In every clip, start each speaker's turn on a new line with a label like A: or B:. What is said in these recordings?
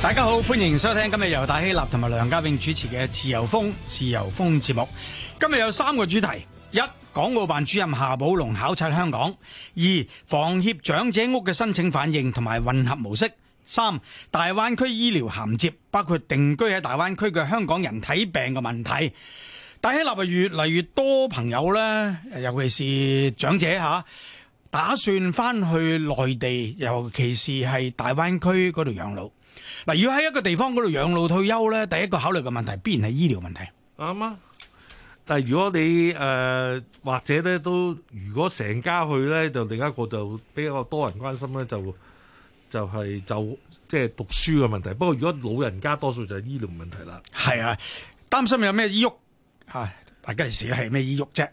A: 大家好，歡迎收聽今日由戴希立同埋梁家永主持嘅《自由風自由風》節目。今日有三個主題：一、港澳辦主任夏寶龍考察香港；二、房協長者屋嘅申請反應同埋混合模式；三、大灣區醫療銜接，包括定居喺大灣區嘅香港人睇病嘅問題。戴希立啊，越嚟越多朋友，咧，尤其是長者吓，打算翻去內地，尤其是係大灣區嗰度養老。嗱，要喺一個地方嗰度養老退休咧，第一個考慮嘅問題必然係醫療問
B: 題，啱啊。但係如果你誒、呃、或者咧都如果成家去咧，就另一個就比較多人關心咧，就就係、是、就即係、就是、讀書嘅問題。不過如果老人家多數就係醫療問題啦，係啊，擔心有咩
A: 喐係。嗱，跟住係咩醫育啫？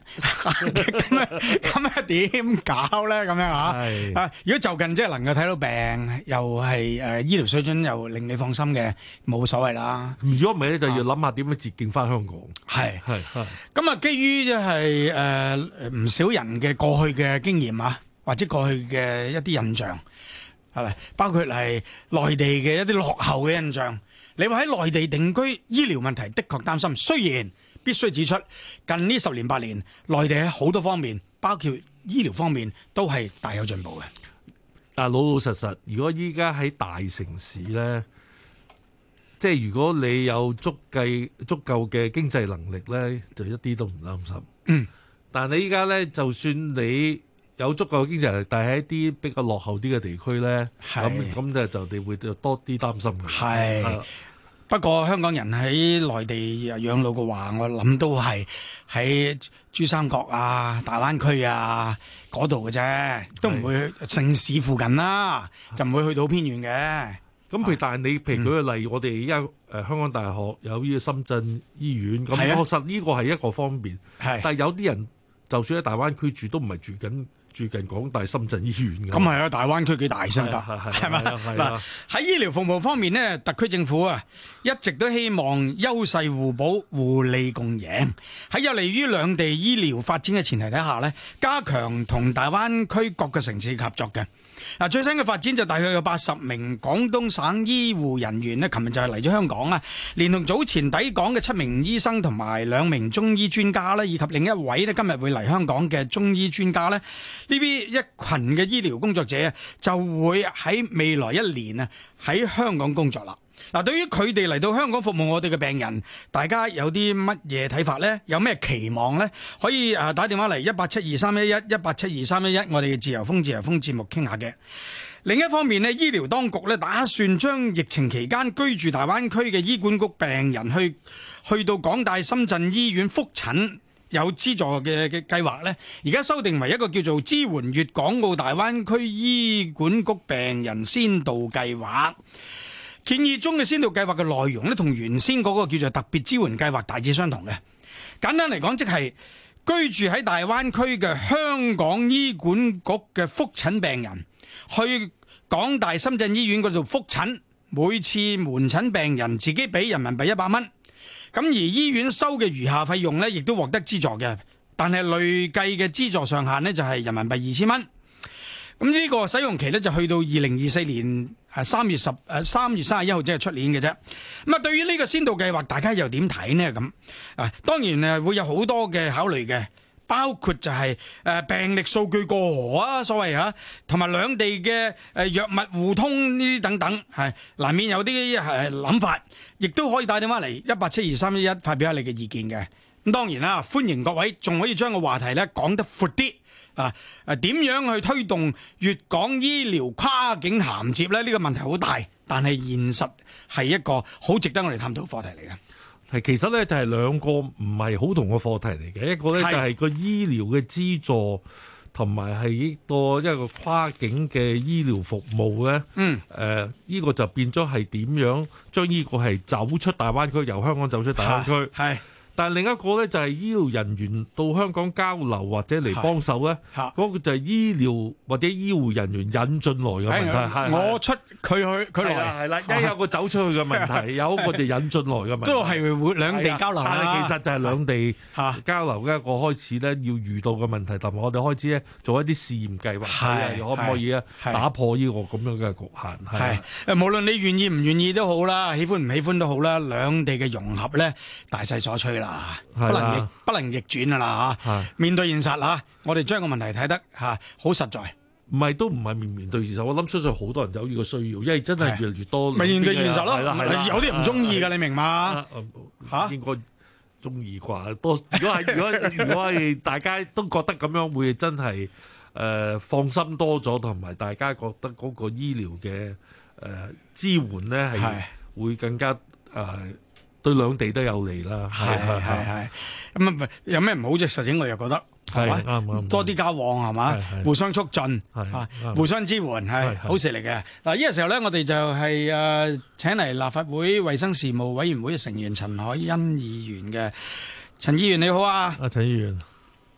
A: 咁啊，咁啊，點搞咧？咁樣吓，啊，如果就近即係能夠睇到病，又係誒醫療水準又令你放心嘅，冇所謂啦。
B: 如果唔係咧，就要諗下點樣捷徑翻香港。係係係。
A: 咁啊，基於即係誒唔少人嘅過去嘅經驗啊，或者過去嘅一啲印象，係咪？包括係內地嘅一啲落後嘅印象，你話喺內地定居醫療問題，的確擔心。雖然必須指出，近呢十年八年，內地喺好多方面，包括醫療方面，都係大有進步嘅。
B: 但係，老老實實，如果依家喺大城市呢，即係如果你有足夠足夠嘅經濟能力呢，就一啲都唔擔心。嗯，但係你依家呢，就算你有足夠嘅經濟能力，但係喺一啲比較落後啲嘅地區呢，咁咁就就你會多啲擔心嘅。係。Uh, 不過香港人喺內地養老嘅話，我諗都
A: 係喺珠三角啊、大灣區啊嗰度嘅啫，
B: 都唔會去城市附近啦、啊，就唔會去到偏遠嘅。咁、嗯，但係你譬如舉個例，我哋而家誒香港大學有呢個深圳醫院，咁確實呢個係一個方便。係，但係有啲人就算喺大灣區住，都唔係住緊。最近港大深圳醫院咁、嗯，咁係啊，
A: 大灣區幾大聲㗎，係咪、啊？嗱、啊，喺、啊啊
B: 啊啊、 醫療服務方面呢，
A: 特區政府啊一直都希望優勢互補、互利共贏，喺有利於兩地醫療發展嘅前提底下咧，加強同大灣區各個城市合作嘅。嗱，最新嘅發展就是大概有八十名廣東省醫護人員呢，琴日就係嚟咗香港啦，連同早前抵港嘅七名醫生同埋兩名中醫專家啦，以及另一位咧今日會嚟香港嘅中醫專家咧，呢啲一群嘅醫療工作者啊，就會喺未來一年啊喺香港工作啦。嗱，對於佢哋嚟到香港服務我哋嘅病人，大家有啲乜嘢睇法呢？有咩期望呢？可以誒打電話嚟一八七二三一一一八七二三一一，1872311, 1872311, 我哋嘅自由風自由風節目傾下嘅。另一方面呢，醫療當局呢打算將疫情期間居住大灣區嘅醫管局病人去去到港大深圳醫院復診有資助嘅嘅計劃呢，而家修訂為一個叫做支援粵港澳大灣區醫管局病人先導計劃。建議中嘅先導計劃嘅內容呢，同原先嗰個叫做特別支援計劃大致相同嘅。簡單嚟講，即係居住喺大灣區嘅香港醫管局嘅復診病人去港大深圳醫院嗰度復診，每次門診病人自己俾人民幣一百蚊，咁而醫院收嘅餘下費用呢，亦都獲得資助嘅。但係累計嘅資助上限呢就係人民幣二千蚊。咁呢個使用期咧就去到二零二四年誒三月十誒三月三十一號，即係出年嘅啫。咁啊，對於呢個先導計劃，大家又點睇呢？咁啊，當然誒會有好多嘅考慮嘅，包括就係誒病歷數據過河啊，所謂吓，同埋兩地嘅誒藥物互通呢啲等等，係難免有啲誒諗法，亦都可以打電話嚟一八七二三一一發表下你嘅意見嘅。咁當然啦，歡迎各位，仲可以將個話題咧講得闊啲。啊！誒點樣去推動粵港醫療跨境銜接咧？呢、呢個問題好大，但係現實係一
B: 個好值得我哋探討嘅課題嚟嘅。其實咧就係、係、兩個唔係好同嘅課題嚟嘅，一個咧就係、係、個醫療嘅資助，同埋係呢個一個跨境嘅醫療服務咧。嗯。誒、呃，依、呢個就變咗係點樣將呢個係走出大灣區，由香港走出大灣區。但係另一個咧，就係醫療人員到香港交流或者嚟幫手咧，嗰個就係醫療或者醫護人員引進來嘅問題。係我出佢去佢來，係啦，梗有一個走出去嘅問題，有個就引進來嘅問題。都係會兩地交流啦。但係其實就係兩地交流嘅一個開始咧，要遇到嘅問題，同埋我哋開始咧做一啲試驗計劃，可唔可以咧打破呢個咁樣嘅局限？
A: 係誒，無論你願意唔願意都好啦，喜歡唔喜歡都好啦，兩地嘅融合咧，大勢所趨啦。啊！不能逆，啊、不能逆轉㗎喇嚇，面對現實嚇，我哋將個問題睇得嚇好實在。
B: 唔係都唔係面對現實，我諗相信好多人有呢個需要，因為真係越嚟越多，啊。面對現實咯，係，啊啊啊，有啲唔中意㗎，你明嘛？嚇應該中意啩？多，啊、如果係如果如果係大家都覺得咁樣會真係誒，呃、放心多咗，同埋大家覺得嗰個醫療嘅誒，呃、支援咧係會更加誒。呃對兩地都有利啦，係係係，
A: 咁啊唔係有咩唔好啫？實踐我又覺得係多啲交往係嘛，互相促進
C: 啊，互相支援係好事嚟
A: 嘅。嗱呢個時候咧，我哋就係啊請嚟立法會衞生事務委員會嘅成員陳凱欣議員嘅，陳議員你好啊，阿、呃、陳議員。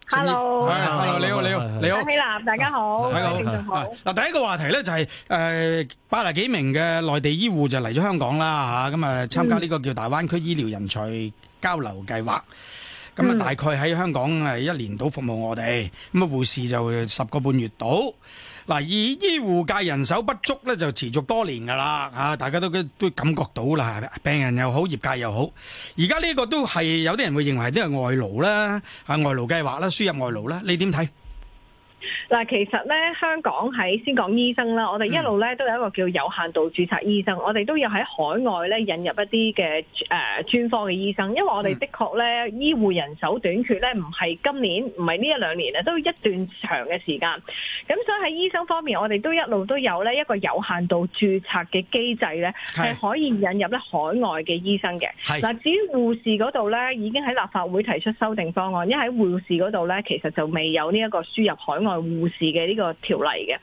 D: hello，係啊，你好，你好，你好，阿希南，大家好，大家
A: 好。嗱，第一個話題呢就係誒，八十幾名嘅內地醫護就嚟咗香港啦吓，咁啊參加呢個叫大灣區醫療人才交流計劃，咁啊大概喺香港誒一年度服務我哋，咁啊護士就十個半月到。嗱，醫醫護界人手不足咧，就持續多年噶啦，吓，大家都都感覺到啦，病人又好，業界又好。而家呢個都係有啲人會認為呢係外勞啦，外勞計劃啦，輸入外勞啦，你點睇？
D: 嗱，其實咧香港喺先講醫生啦，我哋一路咧都有一個叫有限度註冊醫生，我哋都要喺海外咧引入一啲嘅、呃、專科嘅醫生，因為我哋的確咧醫護人手短缺咧，唔係今年，唔係呢一兩年啊，都一段長嘅時間。咁所以喺醫生方面，我哋都一路都有咧一個有限度註冊嘅機制咧，係可以引入咧海外嘅醫生嘅。嗱，至於護士嗰度咧，已經喺立法會提出修訂方案，因為喺護士嗰度咧，其實就未有呢一個輸入海外。護、嗯、士嘅呢個條例嘅，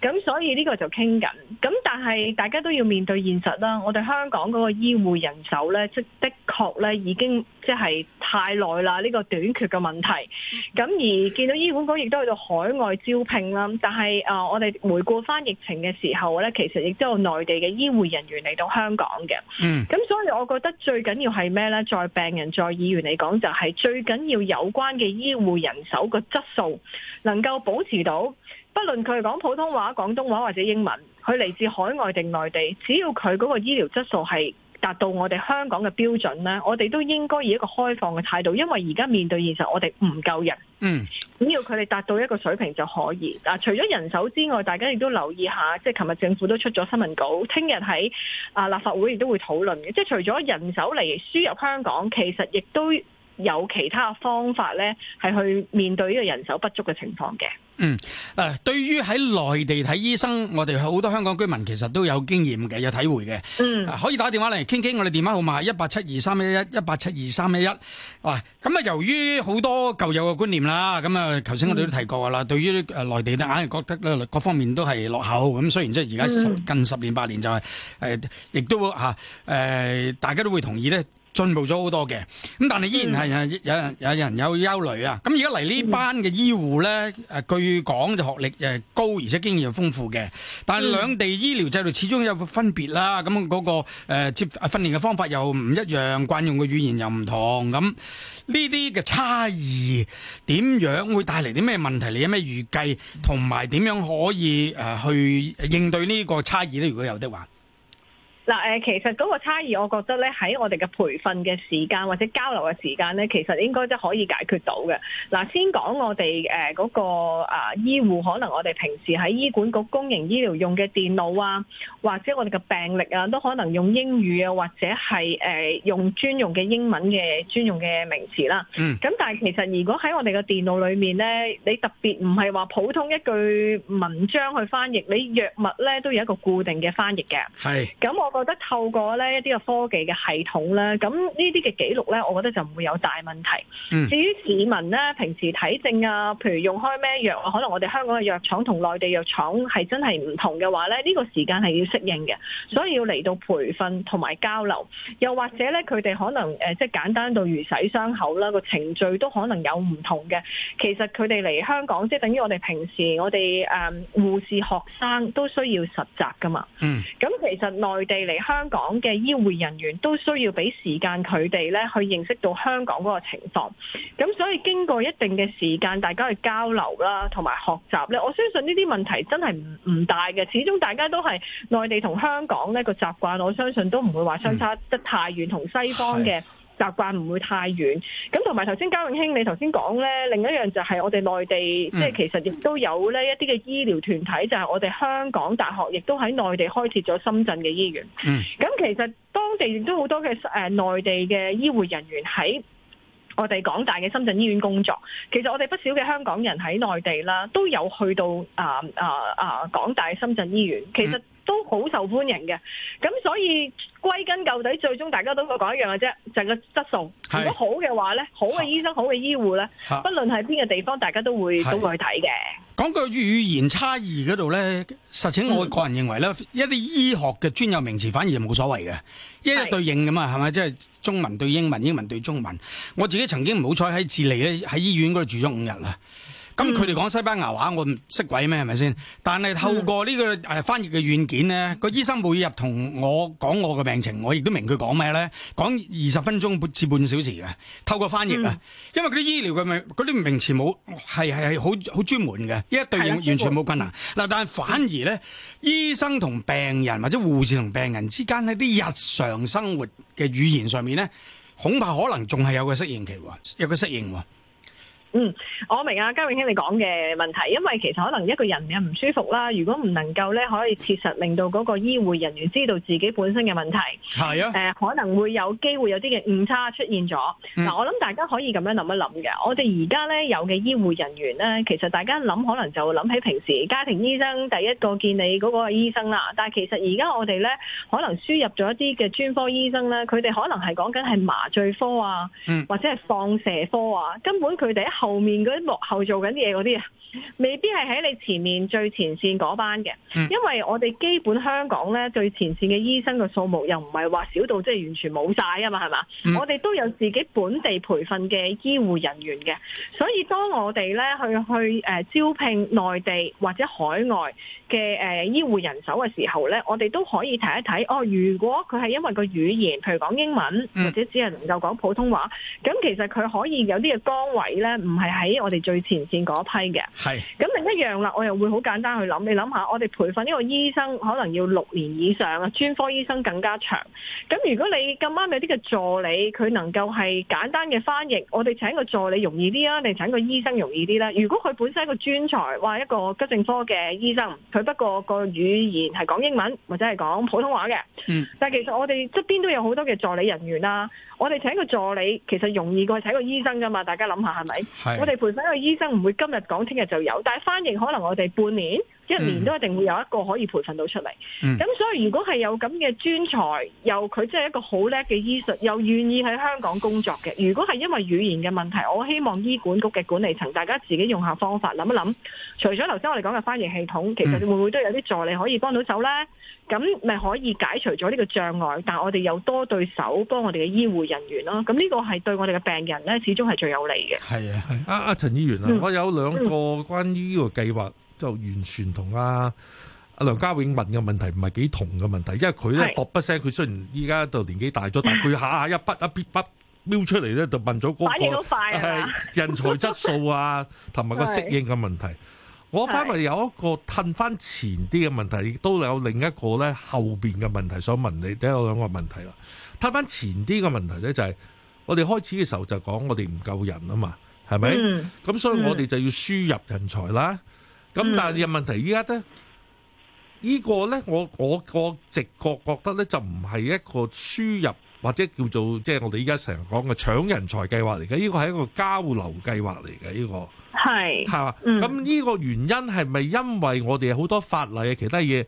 D: 咁所以呢個就傾緊，咁但係大家都要面對現實啦。我哋香港嗰個醫護人手呢，即的確呢已經即係太耐啦，呢、這個短缺嘅問題。咁而見到醫管局亦都去到海外招聘啦，但係誒、呃、我哋回顧翻疫情嘅時候呢，其實亦都有內地嘅醫護人員嚟到香港嘅。咁、嗯、所以我覺得最緊要係咩呢？在病人在議員嚟講，就係最緊要有關嘅醫護人手個質素能夠。保持到，不論佢講普通話、廣東話或者英文，佢嚟自海外定內地，只要佢嗰個醫療質素係達到我哋香港嘅標準咧，我哋都應該以一個開放嘅態度，因為而家面對現實，我哋唔夠人。嗯，只要佢哋達到一個水平就可以。嗱，除咗人手之外，大家亦都留意一下，即係琴日政府都出咗新聞稿，聽日喺啊立法會亦都會討論嘅。即係除咗人手嚟輸入香港，其實亦都。有其他方法咧，係去面對呢個人手不足嘅情況嘅。
C: 嗯，嗱，對於喺
A: 內地睇醫生，我哋好多香港居民其實都有經驗嘅，有體會嘅。嗯，可以打電話嚟傾傾，聊聊我哋電話號碼係一八七二三一一一八七二三一一。咁啊、嗯嗯，由於好多舊有嘅觀念啦，咁啊，頭先我哋都提過噶啦。對於誒內地咧，硬係覺得咧各方面都係落後。咁雖然即係而家近十年八年就係、是、亦、嗯、都嚇、呃、大家都會同意咧。進步咗好多嘅，咁但係依然係有人有人有人有憂慮啊！咁而家嚟呢班嘅醫護呢，誒據講就學歷誒高，而且經驗又豐富嘅。但係兩地醫療制度始終有分別啦，咁嗰個誒接訓練嘅方法又唔一樣，慣用嘅語言又唔同，咁呢啲嘅差異點樣會帶嚟啲咩問題？你有咩預計？同埋點樣可以誒去應對呢個差異呢？如果有嘅話。
D: 嗱誒，其實嗰個差異，我覺得咧喺我哋嘅培訓嘅時間或者交流嘅時間咧，其實應該都可以解決到嘅。嗱，先講我哋誒嗰個啊醫護，可能我哋平時喺醫管局公營醫療用嘅電腦啊。或者我哋嘅病歷啊，都可能用英語啊，或者係誒、呃、用專用嘅英文嘅專用嘅名詞啦。嗯。咁但係其實如果喺我哋嘅電腦裏面咧，你特別唔係話普通一句文章去翻譯，你藥物咧都有一個固定嘅翻譯嘅。係。咁我覺得透過咧一啲嘅科技嘅系統咧，咁呢啲嘅記錄咧，我覺得就唔會有大問題。嗯、至於市民咧，平時睇症啊，譬如用開咩藥啊，可能我哋香港嘅藥廠同內地藥廠係真係唔同嘅話咧，呢個時間係要。適應嘅，所以要嚟到培訓同埋交流，又或者咧佢哋可能誒，即、呃、係簡單到如洗傷口啦，個程序都可能有唔同嘅。其實佢哋嚟香港，即係等於我哋平時我哋誒護士學生都需要實習噶嘛。嗯。咁其實內地嚟香港嘅醫護人員都需要俾時間佢哋咧去認識到香港嗰個情況。咁所以經過一定嘅時間，大家去交流啦，同埋學習咧，我相信呢啲問題真係唔唔大嘅。始終大家都係內內地同香港呢個習慣，我相信都唔會話相差得太遠同、嗯、西方嘅習慣唔會太遠。咁同埋頭先，交永興你頭先講呢，另一樣就係我哋內地，嗯、即係其實亦都有呢一啲嘅醫療團體，就係、是、我哋香港大學亦都喺內地開設咗深圳嘅醫院。咁、嗯、其實當地亦都好多嘅誒、呃、內地嘅醫護人員喺我哋港大嘅深圳醫院工作。其實我哋不少嘅香港人喺內地啦，都有去到啊啊啊港大深圳醫院。嗯、其實。都好受歡迎嘅，咁所以歸根究底，最終大家都講一樣嘅啫，就係個質素。如果好嘅話咧，好嘅醫生，啊、好嘅醫護咧，不論係邊個嘅地方，大家都會都會去睇嘅。
A: 講句語言差異嗰度咧，實情我個人認為咧、嗯，一啲醫學嘅專有名詞反而冇所謂嘅，一一對應咁嘛，係咪？即係中文對英文，英文對中文。我自己曾經唔好彩喺智利咧，喺醫院嗰度住咗五日啊。咁佢哋講西班牙話，我唔識鬼咩？係咪先？但係透過呢個翻譯嘅軟件咧，個、嗯、醫生每日同我講我嘅病情，我亦都明佢講咩咧。講二十分鐘至半小時嘅，透過翻譯啊、嗯，因為佢啲醫療嘅名嗰啲名詞冇係係係好好專門嘅，一對應完全冇困難。嗱、啊，但係反而咧、嗯，醫生同病人或者護士同病人之間喺啲日常生活嘅語言上面咧，恐怕可能仲係有個適應期喎，有個適應喎。
D: 嗯，我明啊，嘉永兄你講嘅問題，因為其實可能一個人嘅唔舒服啦，如果唔能夠咧，可以切實令到嗰個醫護人員知道自己本身嘅問題，係啊，誒、呃，可能會有機會有啲嘅誤差出現咗。嗱、嗯嗯，我諗大家可以咁樣諗一諗嘅。我哋而家咧有嘅醫護人員咧，其實大家諗可能就諗起平時家庭醫生第一個見你嗰個醫生啦。但係其實而家我哋咧可能輸入咗一啲嘅專科醫生咧，佢哋可能係講緊係麻醉科啊，或者係放射科啊，根本佢哋一後面嗰啲幕後做緊嘢嗰啲啊，未必係喺你前面最前線嗰班嘅、嗯，因為我哋基本香港呢，最前線嘅醫生嘅數目又唔係話少到即係完全冇晒啊嘛，係嘛、嗯？我哋都有自己本地培訓嘅醫護人員嘅，所以當我哋呢去去誒、呃、招聘內地或者海外嘅誒、呃、醫護人手嘅時候呢，我哋都可以睇一睇哦。如果佢係因為個語言，譬如講英文或者只係能夠講普通話，咁其實佢可以有啲嘅崗位呢。唔係喺我哋最前線嗰批嘅，係咁另一樣啦。我又會好簡單去諗，你諗下，我哋培訓呢個醫生可能要六年以上啊，專科醫生更加長。咁如果你咁啱有啲嘅助理，佢能夠係簡單嘅翻譯，我哋請個助理容易啲啊，你請個醫生容易啲啦。如果佢本身個一個專才，話一個急症科嘅醫生，佢不過個語言係講英文或者係講普通話嘅，嗯，但係其實我哋側邊都有好多嘅助理人員啦。我哋請個助理其實容易過去請個醫生噶嘛？大家諗下係咪？我哋培訓個醫生唔會今日講，聽日就有。但係翻譯可能我哋半年。嗯、一年都一定會有一個可以培訓到出嚟。咁、嗯、所以如果係有咁嘅專才，又佢真係一個好叻嘅醫術，又願意喺香港工作嘅，如果係因為語言嘅問題，我希望醫管局嘅管理層，大家自己用下方法，諗一諗，除咗頭先我哋講嘅翻譯系統，其實會唔會都有啲助理可以幫到手呢？咁、嗯、咪可以解除咗呢個障礙，但我哋有多對手幫我哋嘅醫護人員咯。咁呢個係對我哋嘅病人呢，始終係最有利
B: 嘅。係啊，係啊，阿陳議員啊，嗯、我有兩個關於呢個計劃。就完全同阿、啊、阿梁家永問嘅問題唔係幾同嘅問題，因為佢咧噹不聲，佢雖然依家就年紀大咗，但佢下下一筆一撇筆瞄出嚟咧，就問咗嗰個係人才質素啊，同 埋個適應嘅問題。我反而有一個褪翻前啲嘅問題，亦都有另一個咧後面嘅問題想問你。第有兩個問題啦，褪翻前啲嘅問題咧、就是，就係我哋開始嘅時候就講我哋唔夠人啊嘛，係咪咁？嗯、所以我哋就要輸入人才啦。咁但係有問題，依家呢呢個呢我我個直覺覺得呢就唔係一個輸入或者叫做即係、就是、我哋依家成日講嘅搶人才計劃嚟嘅，呢、呢個係一個交流計劃嚟嘅，呢、呢個係係嘛？咁呢個原因係咪因為我哋好多法例啊，其他嘢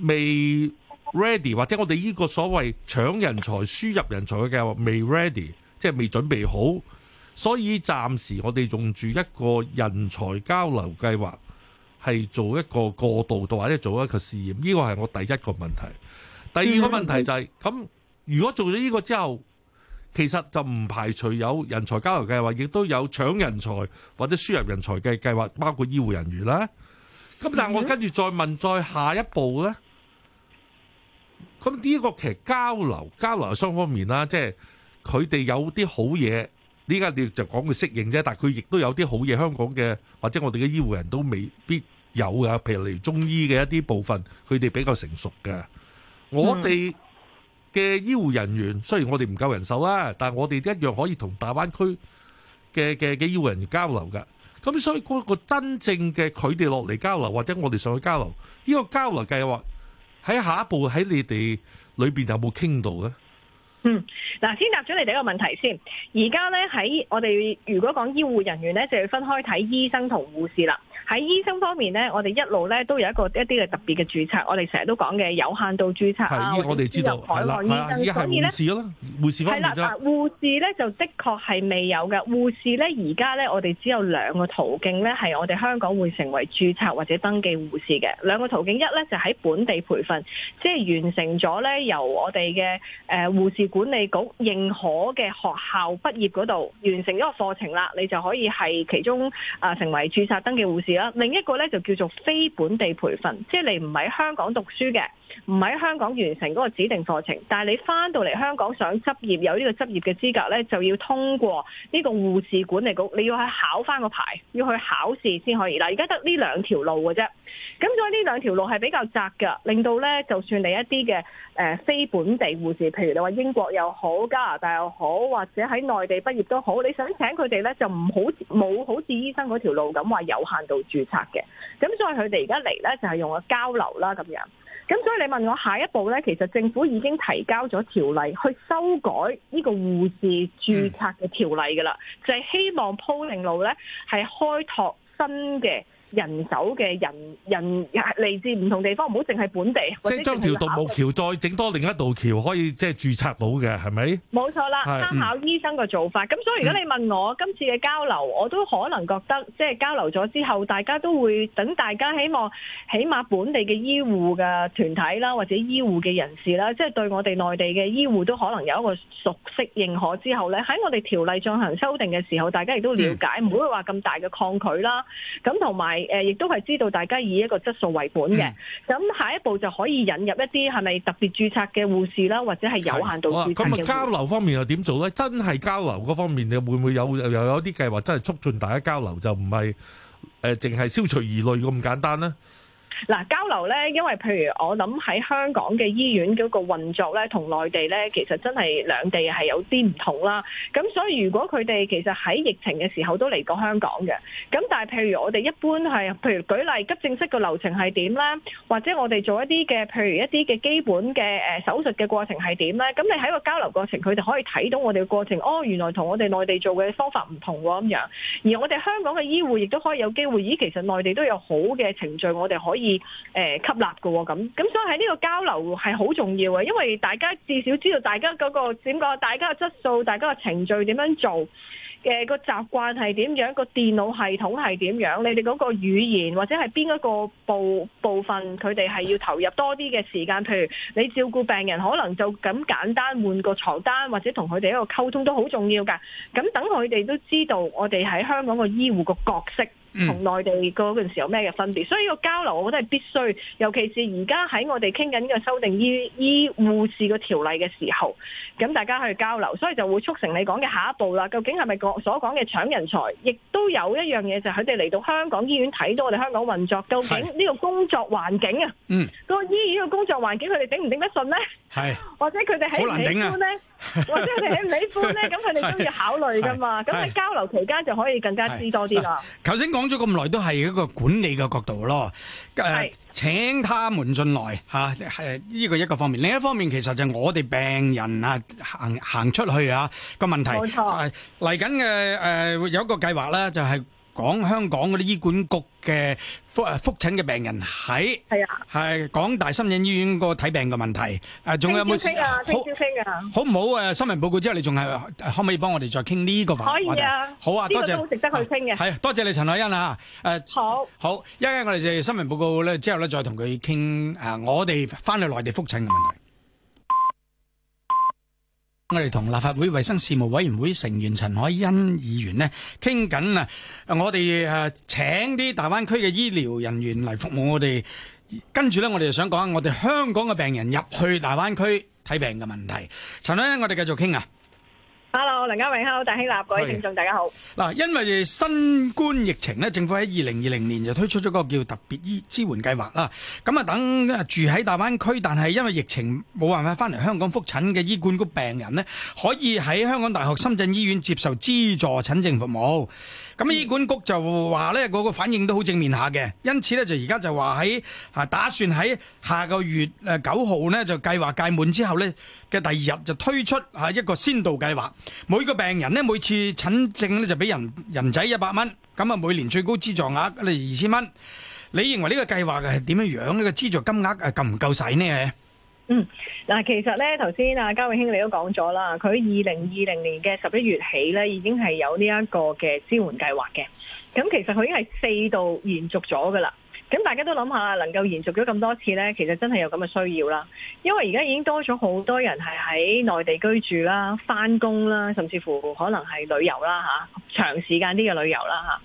B: 未 ready，或者我哋呢個所謂搶人才、輸入人才嘅計劃未 ready，即係未準備好，所以暫時我哋用住一個人才交流計劃。係做一個過渡，或者做一個試驗，呢個係我第一個問題。第二個問題就係、是、咁，如果做咗呢個之後，其實就唔排除有人才交流嘅計劃，亦都有搶人才或者輸入人才嘅計劃，包括醫護人員啦。咁但係我跟住再問，再下一步呢？咁呢個其實交流交流係雙方面啦，即係佢哋有啲好嘢。依家你就講佢適應啫，但係佢亦都有啲好嘢。香港嘅或者我哋嘅醫護人都未必有嘅，譬如嚟中醫嘅一啲部分，佢哋比較成熟嘅。我哋嘅醫護人員雖然我哋唔夠人手啦，但係我哋一樣可以同大灣區嘅嘅嘅醫護人員交流㗎。咁所以嗰個真正嘅佢哋落嚟交流，或者我哋上去交流，呢個交流計劃喺下一步喺你哋裏邊有冇傾到呢？
D: 嗯，嗱，先答咗你第一個問題先。而家咧，喺我哋如果講醫護人員咧，就要分開睇醫生同護士啦。喺醫生方面咧，我哋一路咧都有一個一啲嘅特別嘅註冊，我哋成日都講嘅有限度註冊啊。我哋知道啦，道海海醫生所以咧，
E: 護士咧，係啦，但
D: 護士咧就的確係未有嘅。護士咧而家咧，我哋只有兩個途徑咧，係我哋香港會成為註冊或者登記護士嘅兩個途徑。一咧就喺、是、本地培訓，即係完成咗咧由我哋嘅誒護士管理局認可嘅學校畢業嗰度完成一個課程啦，你就可以係其中啊成為註冊登記護士。另一個咧就叫做非本地培訓，即係你唔喺香港讀書嘅。唔喺香港完成嗰個指定課程，但係你返到嚟香港想執業，有呢個執業嘅資格呢，就要通過呢個護士管理局，你要去考返個牌，要去考試先可以。嗱，而家得呢兩條路嘅啫。咁所以呢兩條路係比較窄㗎，令到呢，就算你一啲嘅誒非本地護士，譬如你話英國又好，加拿大又好，或者喺內地畢業都好，你想請佢哋呢，就唔好冇好似醫生嗰條路咁話有限度註冊嘅。咁所以佢哋而家嚟呢，就係用個交流啦咁樣。咁所以你問我下一步呢？其實政府已經提交咗條例去修改呢個護士註冊嘅條例噶啦、嗯，就係、是、希望鋪定路呢係開拓新嘅。人手嘅人人嚟自唔同地方，唔好淨係本地。即係將條獨木
B: 橋再整多另一道橋，可以即係註冊到嘅，係咪？
D: 冇錯啦，參考醫生嘅做法。咁、嗯、所以如果你問我、嗯、今次嘅交流，我都可能覺得即係、就是、交流咗之後，大家都會等大家希望，起碼本地嘅醫護嘅團體啦，或者醫護嘅人士啦，即、就、係、是、對我哋內地嘅醫護都可能有一個熟悉認可之後咧，喺我哋條例進行修訂嘅時候，大家亦都了解，唔、嗯、會話咁大嘅抗拒啦。咁同埋。誒，亦都係知道大家以一個質素為本嘅，咁下一步就可以引入一啲係咪特別註冊嘅護士啦，或者係有限度註冊嘅。咁咪交
B: 流方面又點做咧？真係交流嗰方面，你會唔會有又有啲計劃真係促進大家交流，就唔係誒淨係消除疑慮咁簡單呢？
D: 嗱，交流咧，因為譬如我諗喺香港嘅醫院嗰個運作咧，同內地咧其實真係兩地係有啲唔同啦。咁所以如果佢哋其實喺疫情嘅時候都嚟過香港嘅，咁但係譬如我哋一般係譬如舉例急症室嘅流程係點咧，或者我哋做一啲嘅譬如一啲嘅基本嘅誒手術嘅過程係點咧，咁你喺個交流過程佢哋可以睇到我哋嘅過程，哦原來同我哋內地做嘅方法唔同喎咁樣，而我哋香港嘅醫護亦都可以有機會，咦其實內地都有好嘅程序我哋可以。而誒吸納嘅咁，咁所以喺呢個交流係好重要嘅，因為大家至少知道大家嗰個點講，大家嘅質素、大家嘅程序點樣做嘅個習慣係點樣，個電腦系統係點樣，你哋嗰個語言或者係邊一個部部分佢哋係要投入多啲嘅時間，譬如你照顧病人可能就咁簡單換個牀單或者同佢哋一個溝通都好重要㗎。咁等佢哋都知道我哋喺香港個醫護個角色。同、嗯、內地嗰陣時候有咩嘅分別？所以個交流我覺得係必須，尤其是而家喺我哋傾緊嘅修訂醫護士個條例嘅時候，咁大家去交流，所以就會促成你講嘅下一步啦。究竟係咪所講嘅搶人才？亦都有一樣嘢就係佢哋嚟到香港醫院睇到我哋香港運作，究竟呢個工作環境啊，個、嗯、醫院嘅工作環境佢哋頂唔頂得順咧？係，或者佢哋喜唔喜歡咧，或者佢哋喜唔喜歡咧，咁佢哋都要考慮噶嘛。咁喺交流期間就可以更加知多啲啦。
A: 頭先講咗咁耐都係一個管理嘅角度咯，誒，請他們進來吓係呢個一個方面，另一方面其實就係我哋病人啊行行出去啊個問題，嚟緊嘅誒有一個計劃啦，就係。講香港嗰啲醫管局嘅復誒覆診嘅病人喺係啊，係港大深圳醫院個睇病嘅問題誒，仲有冇好
D: 啊？啊？好
A: 唔、啊、好誒？新聞報告之後，你仲係可唔可以幫我哋再傾呢個話題，可以啊？好啊，多謝。好值得去傾嘅。係，多謝你陳凱欣啊！誒，好，好，一陣間我哋就新聞報告咧之後咧，再同佢傾誒，我哋翻去內地覆診嘅問題。我哋同立法會衛生事務委員會成員陳凱欣議員咧傾緊啊！我哋誒請啲大灣區嘅醫療人員嚟服務我哋，跟住咧我哋就想講下我哋香港嘅病人入去大灣區睇病嘅問題。陳凱欣，我哋繼續傾啊！
D: Hello，梁家榮，Hello，大希
A: 立，各位聽眾，大家好。嗱，因為新冠疫情咧，政府喺二零二零年就推出咗嗰個叫特別醫支援計劃啦。咁啊，等住喺大灣區但係因為疫情冇辦法翻嚟香港覆診嘅醫管局病人咧，可以喺香港大學深圳醫院接受資助診症服務。咁醫管局就話呢個、那個反應都好正面下嘅，因此呢，就而家就話喺打算喺下個月誒九號呢，就計劃屆滿之後呢嘅第二日就推出一個先導計劃，每個病人呢，每次診症呢，就俾人人仔一百蚊，咁啊每年最高資助額咧二千蚊，你認為呢個計劃係點樣樣？呢、這個資助金額誒夠唔夠使呢？
D: 嗯，嗱，其實咧，頭先啊嘉穎兄，嘉穎兄你都講咗啦，佢二零二零年嘅十一月起咧，已經係有呢一個嘅支援計劃嘅，咁其實佢已經係四度延續咗噶啦。咁大家都諗下，能夠延續咗咁多次呢，其實真係有咁嘅需要啦。因為而家已經多咗好多人係喺內地居住啦、返工啦，甚至乎可能係旅遊啦吓，長時間啲嘅旅遊啦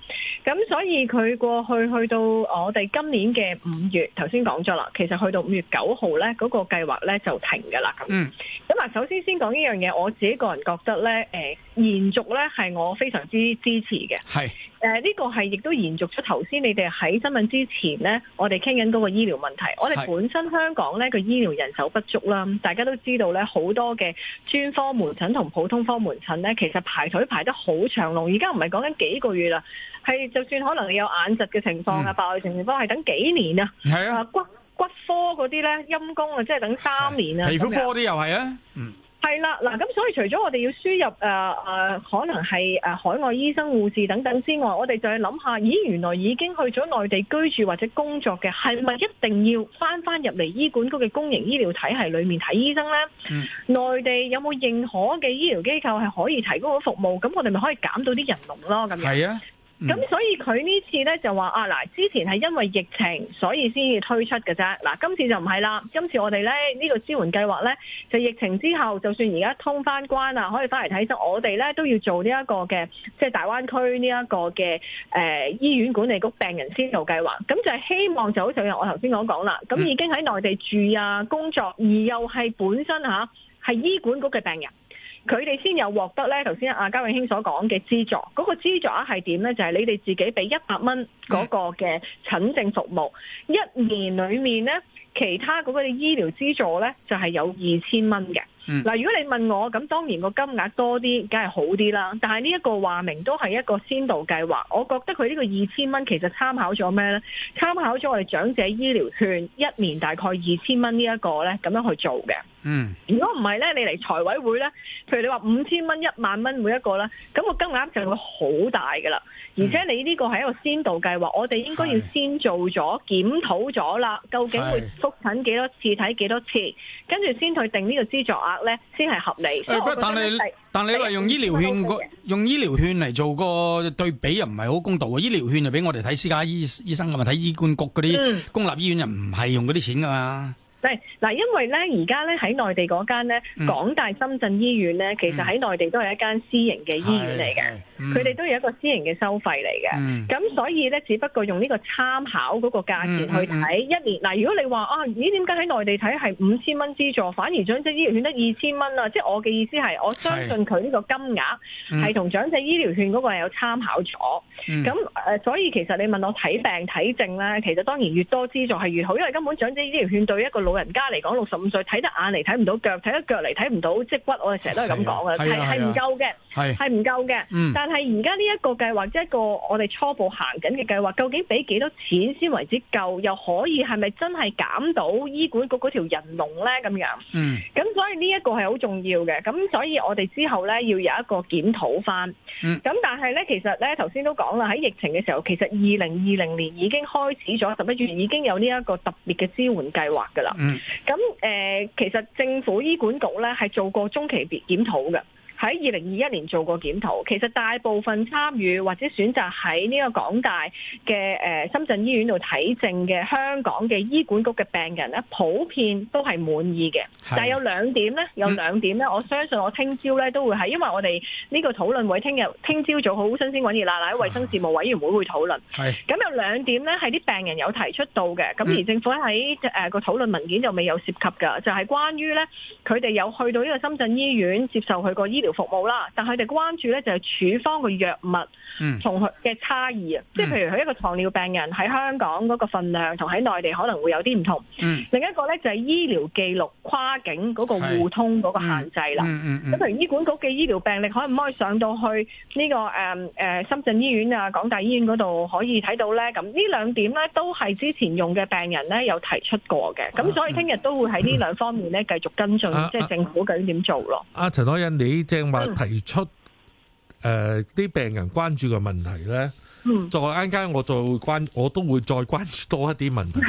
D: 吓。咁所以佢過去去到我哋今年嘅五月，頭先講咗啦，其實去到五月九號呢嗰個計劃呢就停噶啦。咁、嗯、咁首先先講呢樣嘢，我自己個人覺得呢，誒，延續呢係我非常之支持嘅。係。誒呢個係亦都延續咗頭先你哋喺新聞之前呢，我哋傾緊嗰個醫療問題。我哋本身香港呢個醫療人手不足啦，大家都知道呢，好多嘅專科門診同普通科門診呢，其實排隊排得好長龍。而家唔係講緊幾個月啦，係就算可能你有眼疾嘅情況啊、白內障情況，係、嗯、等幾年啊。係啊，骨骨科嗰啲呢，陰功啊，即係等三年啊。皮膚科啲又係啊。嗯係啦，嗱，咁所以除咗我哋要輸入誒誒、呃呃，可能係誒、呃、海外醫生、護士等等之外，我哋就要諗下，咦，原來已經去咗內地居住或者工作嘅，係咪一定要翻翻入嚟醫管局嘅公營醫療體系裏面睇醫生咧？內、嗯、地有冇認可嘅醫療機構係可以提供個服務？咁我哋咪可以減到啲人龍咯，咁樣。係啊。咁、嗯、所以佢呢次呢就話啊嗱，之前係因為疫情所以先要推出嘅啫，嗱、啊，今次就唔係啦。今次我哋呢呢、這個支援計劃呢，就疫情之後就算而家通翻關啊，可以翻嚟睇診，我哋呢都要做呢一個嘅，即、就、係、是、大灣區呢一個嘅誒、呃、醫院管理局病人先導計劃。咁就係希望就好似我頭先所講啦，咁已經喺內地住啊工作，而又係本身吓、啊、係醫管局嘅病人。佢哋先有獲得呢頭先阿嘉永興所講嘅資助，嗰、那個資助額係點呢？就係、是、你哋自己俾一百蚊嗰個嘅診症服務，嗯、一年裏面呢，其他嗰個醫療資助呢，就係、是、有二千蚊嘅。嗱、嗯，如果你問我，咁當然個金額多啲，梗係好啲啦。但係呢一個話明都係一個先導計劃，我覺得佢呢個二千蚊其實參考咗咩呢？參考咗我哋長者醫療券一年大概二千蚊呢一個呢，咁樣去做嘅。嗯，如果唔係呢，你嚟財委會呢，譬如你話五千蚊、一萬蚊每一個呢，咁、個金額就會好大㗎啦。而且你呢個係一個先導計劃，嗯、我哋應該要先做咗檢討咗啦，究竟會覆診幾多次，睇幾多次，跟住先去定呢個資助額。先係合理。但、欸、
A: 係但你話用醫療券用醫療券嚟做個對比又唔係好公道啊！醫療券就俾我哋睇私家醫醫生咁嘛，睇醫管局嗰啲公立醫院又唔係用嗰啲錢噶嘛。
D: 嗱，因為咧，而家咧喺內地嗰間咧港大深圳醫院咧，其實喺內地都係一間私營嘅醫院嚟嘅，佢哋都有一個私營嘅收費嚟嘅。咁、嗯、所以咧，只不過用呢個參考嗰個價錢去睇、嗯、一年。嗱，如果你話啊咦，點解喺內地睇係五千蚊資助，反而長者醫療券得二千蚊啊？即係我嘅意思係，我相信佢呢個金額係同長者醫療券嗰個係有參考咗。咁、嗯、誒，所以其實你問我睇病睇症咧，其實當然越多資助係越好，因為根本長者醫療券對一個老老人家嚟講，六十五歲睇得眼嚟睇唔到腳，睇得腳嚟睇唔到脊骨，我哋成日都係咁講嘅，係係唔夠嘅。係唔夠嘅，但係而家呢一個計劃，即、就、係、是、一個我哋初步行緊嘅計劃，究竟俾幾多錢先為之夠，又可以係咪真係減到醫管局嗰條人龍呢？咁、嗯、樣，咁所以呢一個係好重要嘅，咁所以我哋之後呢，要有一個檢討翻。咁、嗯、但係呢，其實呢頭先都講啦，喺疫情嘅時候，其實二零二零年已經開始咗十一月已經有呢一個特別嘅支援計劃噶啦。咁、嗯、誒、呃，其實政府醫管局呢，係做過中期檢討嘅。喺二零二一年做過檢討，其實大部分參與或者選擇喺呢個港大嘅誒、呃、深圳醫院度睇症嘅香港嘅醫管局嘅病人咧，普遍都係滿意嘅。但係有兩點呢，有兩點呢，嗯、我相信我聽朝呢都會係，因為我哋呢個討論會聽日聽朝早好新鮮滾熱辣辣喺衞生事務委員會會討論。咁、啊、有兩點呢係啲病人有提出到嘅，咁而政府喺誒個討論文件就未有涉及㗎，就係、是、關於呢，佢哋有去到呢個深圳醫院接受佢個醫服務啦，但佢哋關注咧就係處方嘅藥物，同佢嘅差異啊，即係譬如佢一個糖尿病人喺香港嗰個份量，同喺內地可能會有啲唔同。另一個咧就係醫療記錄跨境嗰個互通嗰個限制啦。咁、嗯嗯嗯嗯、譬如醫管局嘅醫療病歷可唔可以上到去呢、這個誒誒深圳醫院啊、港大醫院嗰度可以睇到咧？咁呢兩點咧都係之前用嘅病人咧有提出過嘅，咁所以聽日都會喺呢兩方面咧繼續跟進、啊啊，即係政府究竟點做
B: 咯？阿陳凱欣，你提出誒，啲、呃、病人關注嘅問題呢，嗯、再啱間我再關，我都會再關注多一啲問題。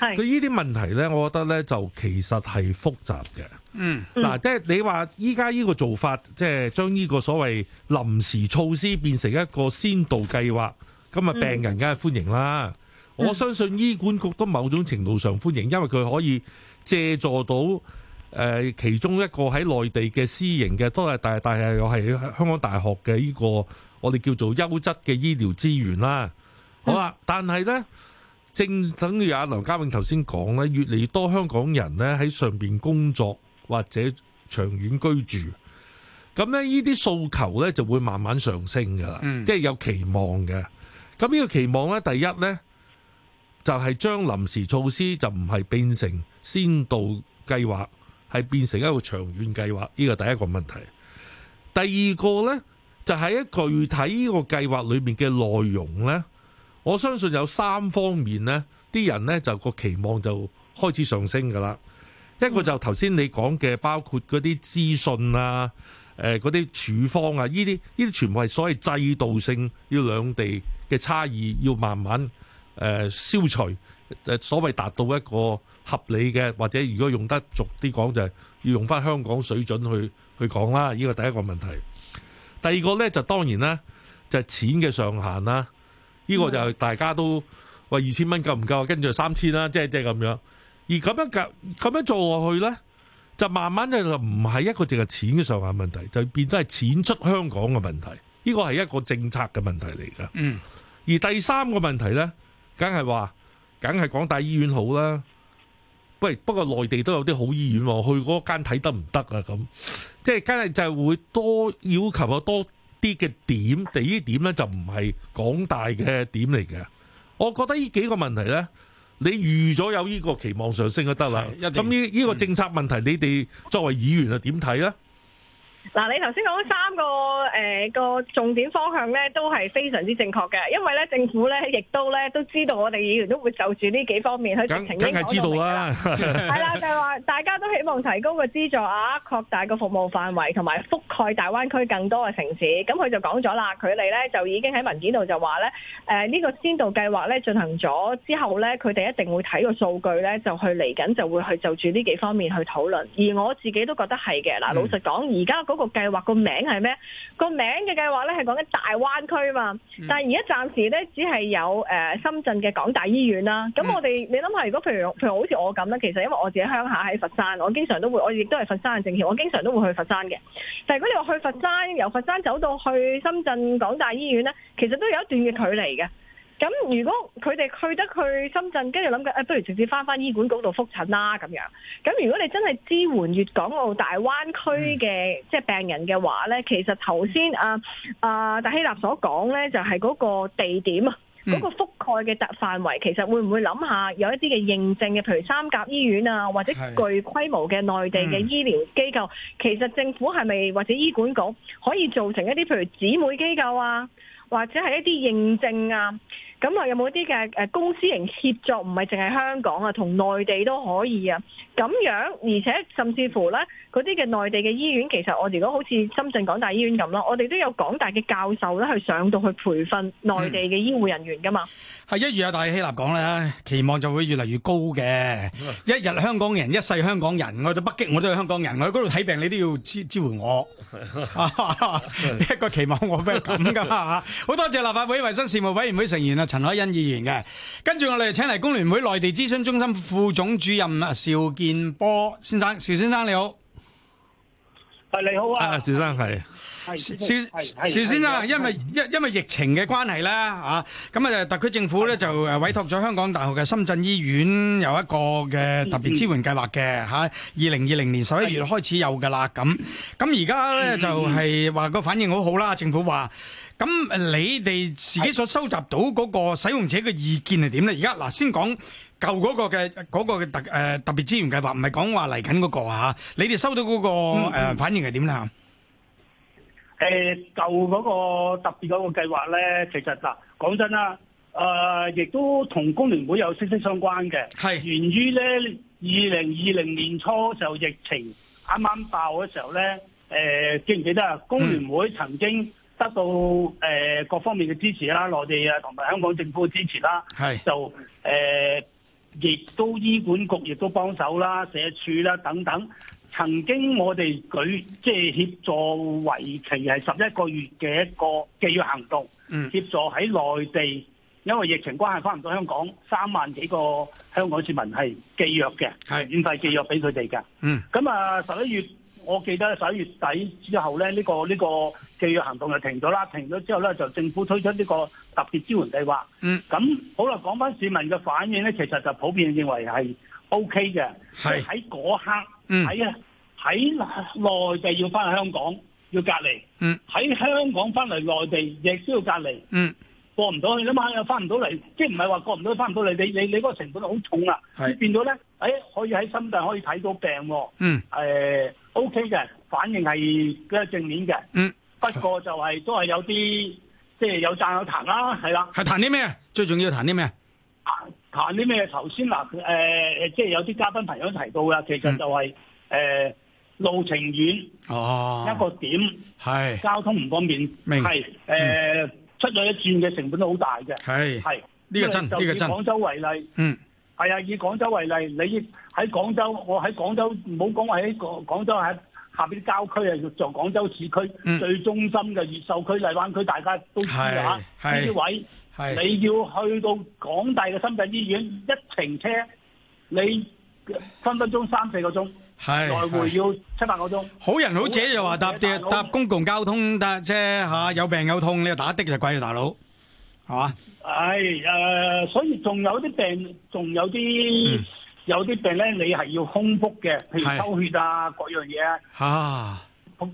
C: 佢呢
B: 啲問題呢，我覺得呢就其實係複雜嘅。嗯，嗱、嗯，即、啊、係你話依家呢個做法，即係將呢個所謂臨時措施變成一個先導計劃，咁啊，病人梗係歡迎啦、嗯。我相信醫管局都某種程度上歡迎，因為佢可以借助到。誒，其中一個喺內地嘅私營嘅，都係但係但係又係香港大學嘅呢、這個，我哋叫做優質嘅醫療資源啦。好啦、嗯，但係呢，正等於阿梁家永頭先講咧，越嚟越多香港人呢喺上邊工作或者長遠居住，咁咧呢啲訴求呢就會慢慢上升噶啦，即、嗯、係、就是、有期望嘅。咁呢個期望呢，第一呢就係、是、將臨時措施就唔係變成先導計劃。係變成一個長遠計劃，呢個第一個問題。第二個呢，就喺、是、一具體呢個計劃裏面嘅內容呢，我相信有三方面呢啲人呢，就個期望就開始上升噶啦。一個就頭先你講嘅，包括嗰啲資訊啊、誒嗰啲處方啊，呢啲呢啲全部係所謂制度性，要兩地嘅差異要慢慢誒消除，所謂達到一個。合理嘅，或者如果用得俗啲講，就係要用翻香港水準去去講啦。呢個第一個問題，第二個呢，就當然啦，就係錢嘅上限啦。呢個就係大家都話二千蚊夠唔夠，跟住就三千啦，即係即係咁樣。而咁樣咁咁樣做落去呢，就慢慢就唔係一個淨係錢嘅上限問題，就變咗係錢出香港嘅問題。呢個係一個政策嘅問題嚟㗎。嗯。而第三個問題呢，梗係話，梗係港大醫院好啦。喂，不過內地都有啲好醫院喎，去嗰間睇得唔得啊？咁即係梗係就會多要求有多啲嘅點，點，地呢點咧就唔係港大嘅點嚟嘅。我覺得呢幾個問題咧，你預咗有呢個期望上升就得啦。咁呢依個政策問題，你哋作為議員係點睇咧？
D: 嗱，你頭先講三個誒、呃、個重點方向咧，都係非常之正確嘅，因為咧政府咧，亦都咧都知道我哋議員都會就住呢幾方面去逐層應講到
C: 嚟啦、啊， 就係
D: 話大家都希望提高個資助啊，擴大個服務範圍同埋覆蓋大灣區更多嘅城市。咁佢就講咗啦，佢哋咧就已經喺文件度就話咧，誒、呃、呢、這個先導計劃咧進行咗之後咧，佢哋一定會睇個數據咧，就去嚟緊就會去就住呢幾方面去討論。而我自己都覺得係嘅。嗱，老實講，而家個計劃個名係咩？個名嘅計劃咧係講緊大灣區嘛？但係而家暫時咧只係有誒、呃、深圳嘅港大醫院啦。咁我哋你諗下，如果譬如譬如好似我咁咧，其實因為我自己鄉下喺佛山，我經常都會我亦都係佛山嘅政協，我經常都會去佛山嘅。但係如果你話去佛山，由佛山走到去深圳港大醫院咧，其實都有一段嘅距離嘅。咁如果佢哋去得去深圳，跟住諗緊，誒，不如直接翻翻醫管局度覆診啦咁樣。咁如果你真係支援粵港澳大灣區嘅即係病人嘅話咧，mm. 其實頭先啊啊達希納所講咧，就係嗰個地點啊，嗰、mm. 個覆蓋嘅範圍，其實會唔會諗下有一啲嘅認證嘅，譬如三甲醫院啊，或者具規模嘅內地嘅醫療機構，mm. 其實政府係咪或者醫管局可以造成一啲譬如姊妹機構啊？或者係一啲認證啊，咁啊有冇啲嘅誒公私營協作？唔係淨係香港啊，同內地都可以啊，咁樣。而且甚至乎咧。嗰啲嘅內地嘅醫院，其實我哋如果好似深圳港大醫院咁咯，我哋都有港大嘅教授咧去上到去培訓內地嘅醫護人員噶嘛。
A: 係一月啊，但係希臘講咧，期望就會越嚟越高嘅。一日香港人，一世香港人。我去到北京，我都係香港人。我去嗰度睇病，你都要支支援我。一個期望，我唔係咁噶嘛。好多謝立法會衞生事務委員會成員啊，陳凱欣議員嘅。跟住我哋請嚟工聯會內地諮詢中心副總主任啊，邵建波先生，邵先生你好。係你好啊，啊，邵生係，邵邵先生，因為因因為疫情嘅關係咧，吓咁啊，特區政府咧就誒委託咗香港大學嘅深圳醫院有一個嘅特別支援計劃嘅吓，二零二零年十一月開始有噶啦，咁咁而家咧就係話個反應好好啦，政府話，咁你哋自己所收集到嗰個使用者嘅意見係點咧？而家嗱，先講。舊嗰、嗰個嘅、嗰個嘅特誒、呃、特別資源計劃，唔係講話嚟緊嗰個啊吓，你哋收到嗰、嗰個誒、呃、反應係點咧？
E: 誒、嗯，舊嗰個特別嗰個計劃咧，其實嗱講真啦，誒、呃、亦都同工聯會有息息相關嘅，係源於咧二零二零年初就疫情啱啱爆嘅時候咧，誒、呃、記唔記得啊？工聯會曾經得到誒、嗯呃、各方面嘅支持啦，內地啊同埋香港政府嘅支持啦，係就誒。呃亦都醫管局亦都幫手啦、社署啦等等。曾經我哋舉即係、就是、協助為期係十一個月嘅一個寄藥行動，嗯、協助喺內地，因為疫情關係返唔到香港，三萬幾個香港市民係寄藥嘅，免費寄藥俾佢哋嘅。嗯，咁啊十一月。我記得十一月底之後咧，呢、這個呢、這個寄藥行動就停咗啦。停咗之後咧，就政府推出呢個特別支援計劃。嗯，咁好啦，講翻市民嘅反應咧，其實就普遍認為係 O K 嘅。係喺嗰刻，喺、嗯、喺內地要翻香港要隔離，喺、嗯、香港翻嚟內地亦都要隔離。嗯，過唔到去一晚又翻唔到嚟，即係唔係話過唔到翻唔到嚟？你你你嗰個成本好重啊。係變咗咧，誒、哎、可以喺深圳可以睇到病、啊。嗯，誒、呃。O K 嘅反應係比較正面嘅，嗯，不過就係都係有啲即係有讚有彈啦、啊，係啦。
A: 係彈啲咩？最重要係彈啲咩、
E: 啊？彈啲咩？頭先嗱誒，即係有啲嘉賓朋友提到啦，其實就係、係、誒、嗯呃、路程遠，哦，一個點係交通唔方便，明係誒、呃嗯、出咗一轉嘅成本都好大嘅，係係呢個真呢個真。以這個真廣州為例，嗯。係啊，以廣州為例，你喺廣州，我喺廣州，唔好講我喺廣州喺下邊啲郊區啊，叫做廣州市區最中心嘅越秀區、荔灣區，大家都知啊吓，呢啲位，你要去到港大嘅深圳醫院，一程車，你分分鐘三四個鐘，係來回要七八個鐘。好人好姐就話
A: 搭搭公共交通搭車吓，有病有痛你又打的就鬼啊，大佬。
E: 係係誒，所以仲有啲病，仲有啲、嗯、有啲病咧，你係要空腹嘅，譬如抽血啊，各樣嘢啊。吓，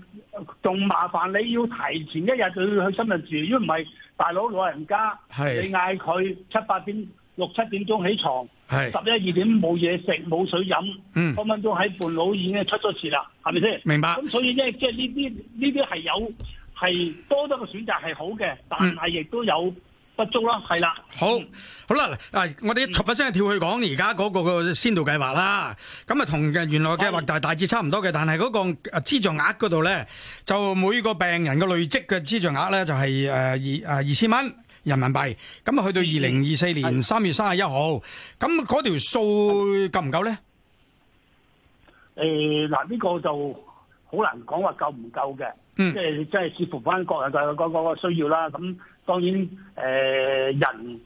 E: 仲麻煩你要提前一日就要去去深圳住，如果唔係，大佬老人家，你嗌佢七八點六七點鐘起床，係十一二點冇嘢食冇水飲，嗯，分分鐘喺半老已經出咗事啦，係咪先？明白。咁所以咧，即係呢啲呢啲係有係多多嘅選擇係好嘅，但係亦都有。嗯
A: 不足啦，係啦，好，嗯、好啦，啊，我哋一出一聲跳去講而家嗰個個先導計劃啦，咁啊同嘅原來嘅計劃大大致差唔多嘅、嗯，但係嗰個誒資助額嗰度咧，就每個病人嘅累積嘅資助額咧就係誒二誒二千蚊人民幣，咁啊去到二零二四年三月三十一號，咁嗰條數夠唔夠咧？
E: 誒、嗰個，嗱、嗯、呢、呢個就好難講話夠唔夠嘅。即係即係視乎翻個人個個個需要啦。咁當然，誒、呃、人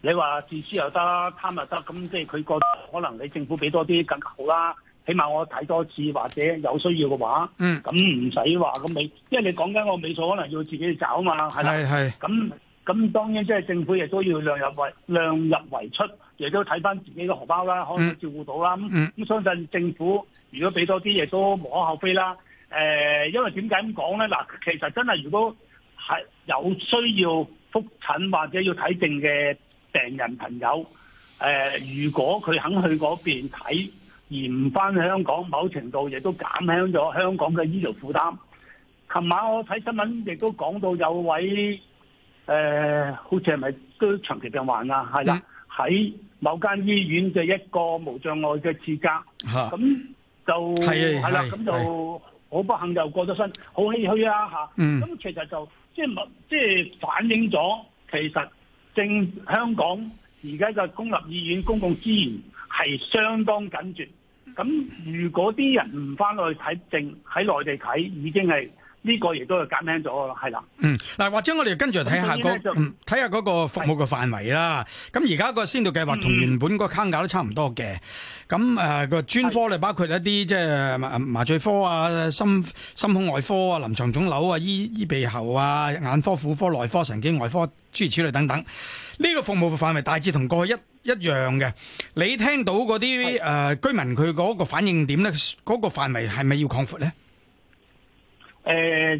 E: 你話自私又，又得，啦，貪又得。咁即係佢個可能，你政府俾多啲更好啦。起碼我睇多次或者有需要嘅話，咁唔使話咁美，因為你講緊個美數可能要自己去找嘛，係啦。係係。咁咁當然即係政府亦都要量入為量入為出，亦都睇翻自己嘅荷包啦，可能照顧到啦。咁、嗯、咁、嗯、相信政府如果俾多啲嘢，亦都無可厚非啦。誒，因為點解咁講咧？嗱，其實真係如果係有需要復診或者要睇症嘅病人朋友，誒，如果佢肯去嗰邊睇，而唔返香港，某程度亦都減輕咗香港嘅醫療負擔。琴晚我睇新聞亦都講到有位誒、呃，好似係咪都長期病患是啊？係啦，喺某間醫院嘅一個無障礙嘅資格，咁就係啦，咁就。好不幸又過咗身，好唏噓啊嚇！咁、嗯啊、其實就即係即係反映咗，其實正香港而家嘅公立醫院公共資源係相當緊絀。咁如果啲人唔翻去睇症，喺內地睇已經係。呢、這個亦都係簡明咗係啦。嗯，嗱，或者我哋跟住睇下嗰
A: 睇、嗯、下嗰個服務嘅範圍啦。咁而家個先導計劃同原本個框架都差唔多嘅。咁誒個專科咧、呃，包括一啲即係麻麻醉科啊、心心胸外科啊、臨床腫瘤啊、醫醫鼻喉啊、眼科、婦科、內科、神經外科、諸如此類等等。呢、這個服務範範圍範大致同過去一一樣嘅。你聽到嗰啲誒居民佢嗰個反應點咧，嗰、那個範圍係咪要擴闊咧？
E: 誒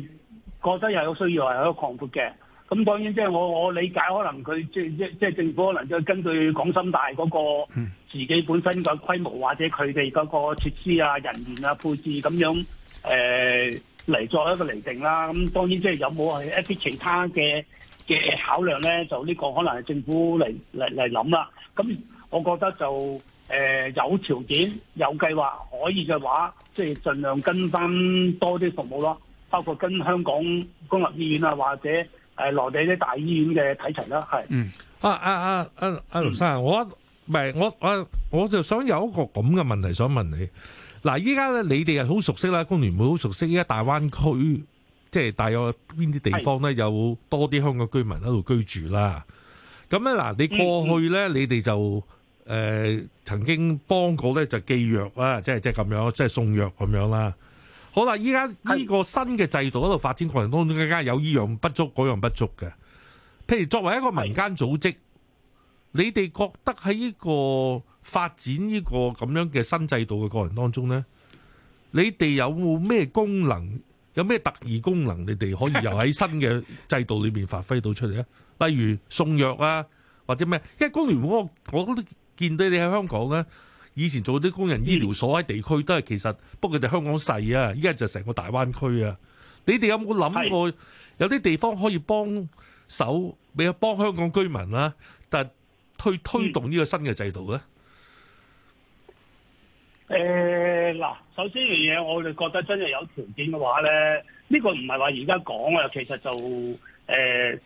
E: 覺得又有個需要，係有擴闊嘅。咁當然即係我我理解，可能佢即即即政府可能即根據港深大嗰個自己本身個規模，或者佢哋嗰個設施啊、人員啊配置咁樣誒嚟、呃、作一個釐定啦。咁當然即係有冇係一啲其他嘅嘅考量咧？就呢個可能係政府嚟嚟嚟諗啦。咁我覺得就誒、呃、有條件有計劃可以嘅話，即係盡量跟翻多啲服務咯。包括跟香港
B: 公立醫院啊，或者誒內地啲大醫院嘅睇齊啦，係。嗯，啊啊啊啊啊！盧生啊、嗯，我唔係我啊我，我就想有一個咁嘅問題想問你。嗱，依家咧你哋係好熟悉啦，工聯會好熟悉。依家大灣區即係、就是、大約邊啲地方咧，有多啲香港居民喺度居住啦。咁咧嗱，你過去咧、嗯嗯，你哋就誒、呃、曾經幫過咧，就寄藥啦，即係即係咁樣，即、就、係、是、送藥咁樣啦。好啦，依家呢個新嘅制度喺度發展過程當中，更加有呢樣不足，嗰樣不足嘅。譬如作為一個民間組織，你哋覺得喺呢個發展呢個咁樣嘅新制度嘅過程當中咧，你哋有冇咩功能，有咩特異功能，你哋可以又喺新嘅制度裏邊發揮到出嚟啊？ 例如送藥啊，或者咩？因為工聯會我我都見到你喺香港咧。以前做啲工人醫療所喺地區都係、嗯、其實，不過佢哋香港細啊，依家就成個大灣區啊。你哋有冇諗過有啲地方可以幫手，比俾幫香港居民啦，但推推動呢個新嘅制度咧？
E: 誒、嗯、嗱、嗯，首先樣嘢，我哋覺得真係有條件嘅話咧，呢、這個唔係話而家講啊，其實就誒、呃、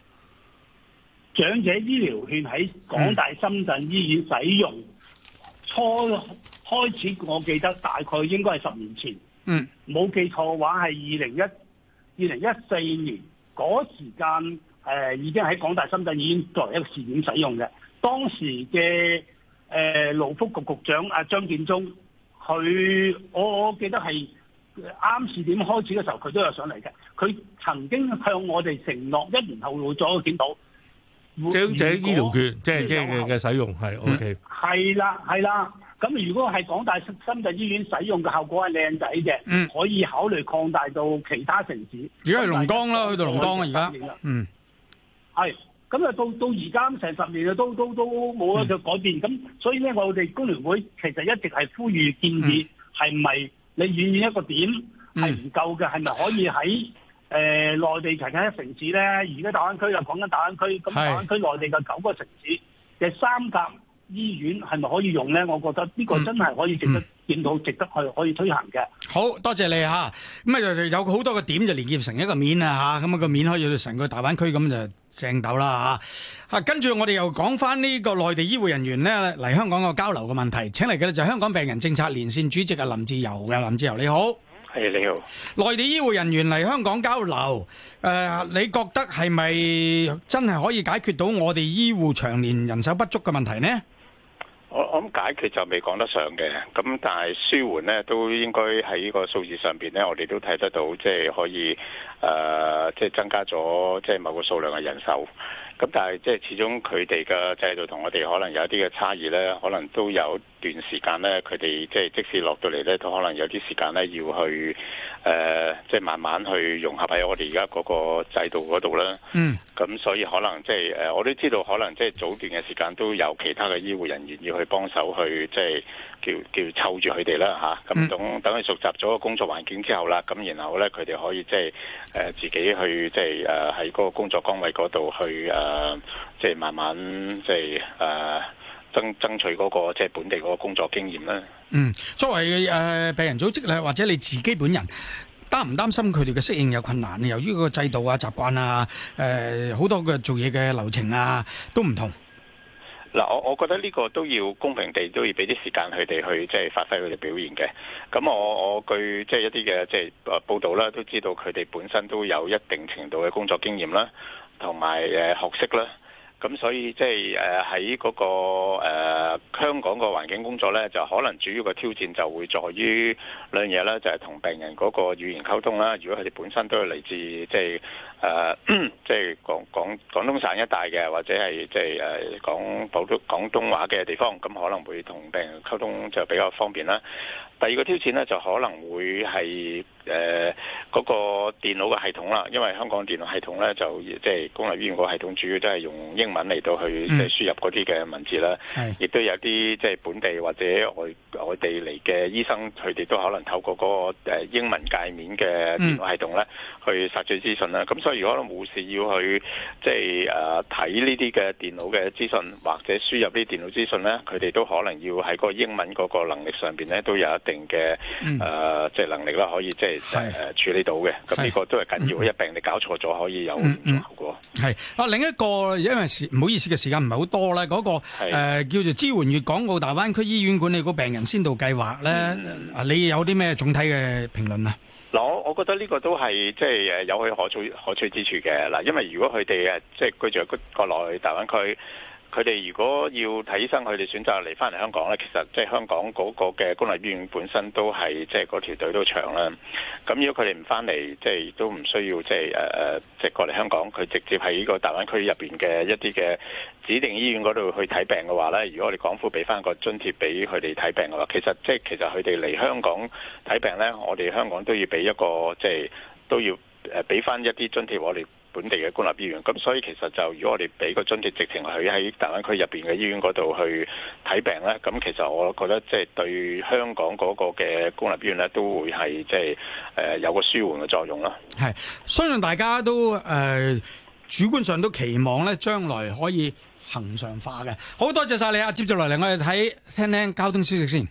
E: 長者醫療券喺港大深圳醫院使用。嗯開開始，我記得大概應該係十年前，嗯，冇記錯嘅話係二零一四年嗰時間，呃、已經喺港大深圳已經作為一個試點使用嘅。當時嘅誒、呃、勞福局局長、啊、張建宗，佢我記得係啱試點開始嘅時候，佢都有上嚟嘅。佢曾經向我哋承諾，一年後會再檢討。長者醫療券，即係即
B: 係佢嘅使用係 O K，係
E: 啦係啦，咁如果係港、嗯、大深圳醫院使用嘅效果係靚仔嘅，嗯，可以考慮擴大到其他城市。而家係龍崗啦，去到龍崗啊，而家，嗯，係，咁啊到到而家成十年嘅都都都冇一個改變，咁、嗯、所以咧，我哋工聯會其實一直係呼籲建議，係、嗯、咪你遠遠一個點係唔夠嘅，係、嗯、咪可以喺？誒、呃，內地其他一城市咧，而家大灣區就講緊大灣區，咁大灣區內地嘅九個城市嘅三甲醫院係咪可以用咧？我覺得呢個真係可以值得見
A: 到，嗯嗯、得值得去可以推行嘅。好多謝你吓，咁啊就有好多個點就連結成一個面啊吓，咁、那、啊個面可以成個大灣區咁就正斗啦吓。吓、啊，跟住我哋又講翻呢個內地醫護人員咧嚟，香港個交流嘅問題，請嚟嘅就香港病人政策連線主席啊林志釉嘅，林志釉你好。係、hey, 你好，內地醫護人員嚟香港交流，誒、呃，你覺得係咪真係可以解決到我哋醫護長年人手不足嘅問題呢？
F: 我我諗解決就未講得上嘅，咁但係舒緩呢，都應該喺呢個數字上邊呢，我哋都睇得到，即、就、係、是、可以誒，即、呃、係、就是、增加咗即係某個數量嘅人手。咁但係即係始終佢哋嘅制度同我哋可能有啲嘅差異咧，可能都有段時間咧，佢哋即係即使落到嚟咧，都可能有啲時間咧要去誒、呃，即係慢慢去融合喺我哋而家嗰個制度嗰度啦。Mm. 嗯。咁所以可能即係誒，我都知道可能即係早段嘅時間都有其他嘅醫護人員要去幫手去即係。叫叫湊住佢哋啦吓，咁等等佢熟習咗個工作環境之後啦，咁然後咧佢哋可以即係誒自己去即係誒喺嗰個工作崗位嗰度去誒、呃，即係慢慢即係誒、呃、爭爭取嗰、那個即係本地嗰個工作經
E: 驗啦。嗯，
A: 作為誒、呃、病人組織咧，或者你自己本人擔唔擔心佢哋嘅適應有困難？由於個制度啊、習慣啊、誒、呃、好多嘅做嘢嘅流程啊，都唔同。
F: 嗱，我我覺得呢個都要公平地都要俾啲時間佢哋去即係發揮佢哋表現嘅。咁我我據即係一啲嘅即係誒報道啦，都知道佢哋本身都有一定程度嘅工作經驗啦，同埋誒學識啦。咁所以即係誒喺嗰個誒香港個環境工作咧，就可能主要嘅挑戰就會在於兩樣嘢啦，就係同病人嗰個語言溝通啦。如果佢哋本身都係嚟自即係。誒、uh,，即係廣廣廣東省一帶嘅，或者係即係講講保廣東話嘅地方，咁可能會同病人溝通就比較方便啦。第二個挑戰咧，就可能會係誒嗰個電腦嘅系統啦，因為香港電腦系統咧就即係公立醫院個系統主要都係用英文嚟到去即係輸入嗰啲嘅文字啦。亦、mm. 都有啲即係本地或者外外地嚟嘅醫生，佢哋都可能透過個個英文界面嘅電腦系統咧、mm. 去索取資訊啦。咁如果冇事要去即係誒睇呢啲嘅電腦嘅資訊，或者輸入啲電腦資訊咧，佢哋都可能要喺個英文個個能力上邊咧都有一定嘅誒、嗯呃、即係能力啦，可以即係誒、啊、處理到嘅。咁呢個都係緊要的，嗯，一病你搞錯咗，可以有效
A: 果。係、嗯嗯、啊，另一個因為時唔好意思嘅時間唔係好多啦，嗰、那個誒、呃、叫做支援粵港澳大灣區醫院管理局病人先導計劃咧，你有啲咩總體嘅評論啊？
E: 嗱，我覺得呢個
F: 都係即係誒有佢可取可取之處嘅。嗱，因為如果佢哋誒即係居住喺國內大灣區。佢哋如果要睇醫生，佢哋選擇嚟翻嚟香港呢？其實即係香港嗰個嘅公立醫院本身都係即係嗰條隊都長啦。咁如果佢哋唔翻嚟，即係都唔需要即係誒誒直過嚟香港，佢直接喺呢個大灣區入邊嘅一啲嘅指定醫院嗰度去睇病嘅話呢，如果我哋港府俾翻個津貼俾佢哋睇病嘅話，其實即係其實佢哋嚟香港睇病呢，我哋香港都要俾一個即係都要誒俾翻一啲津貼我哋本地嘅公立醫院，咁所以其實就如果我哋俾個津貼直情去喺大灣區入邊嘅醫院嗰度去睇病咧，咁其實我覺得即係對香港嗰個嘅公立醫院咧都會係即係誒有個舒緩嘅作用啦。
A: 係，相信大家都誒、呃、主觀上都期望咧，將來
C: 可以恒常化嘅。好多謝晒你啊！接住落嚟，我哋睇聽聽交通消息先。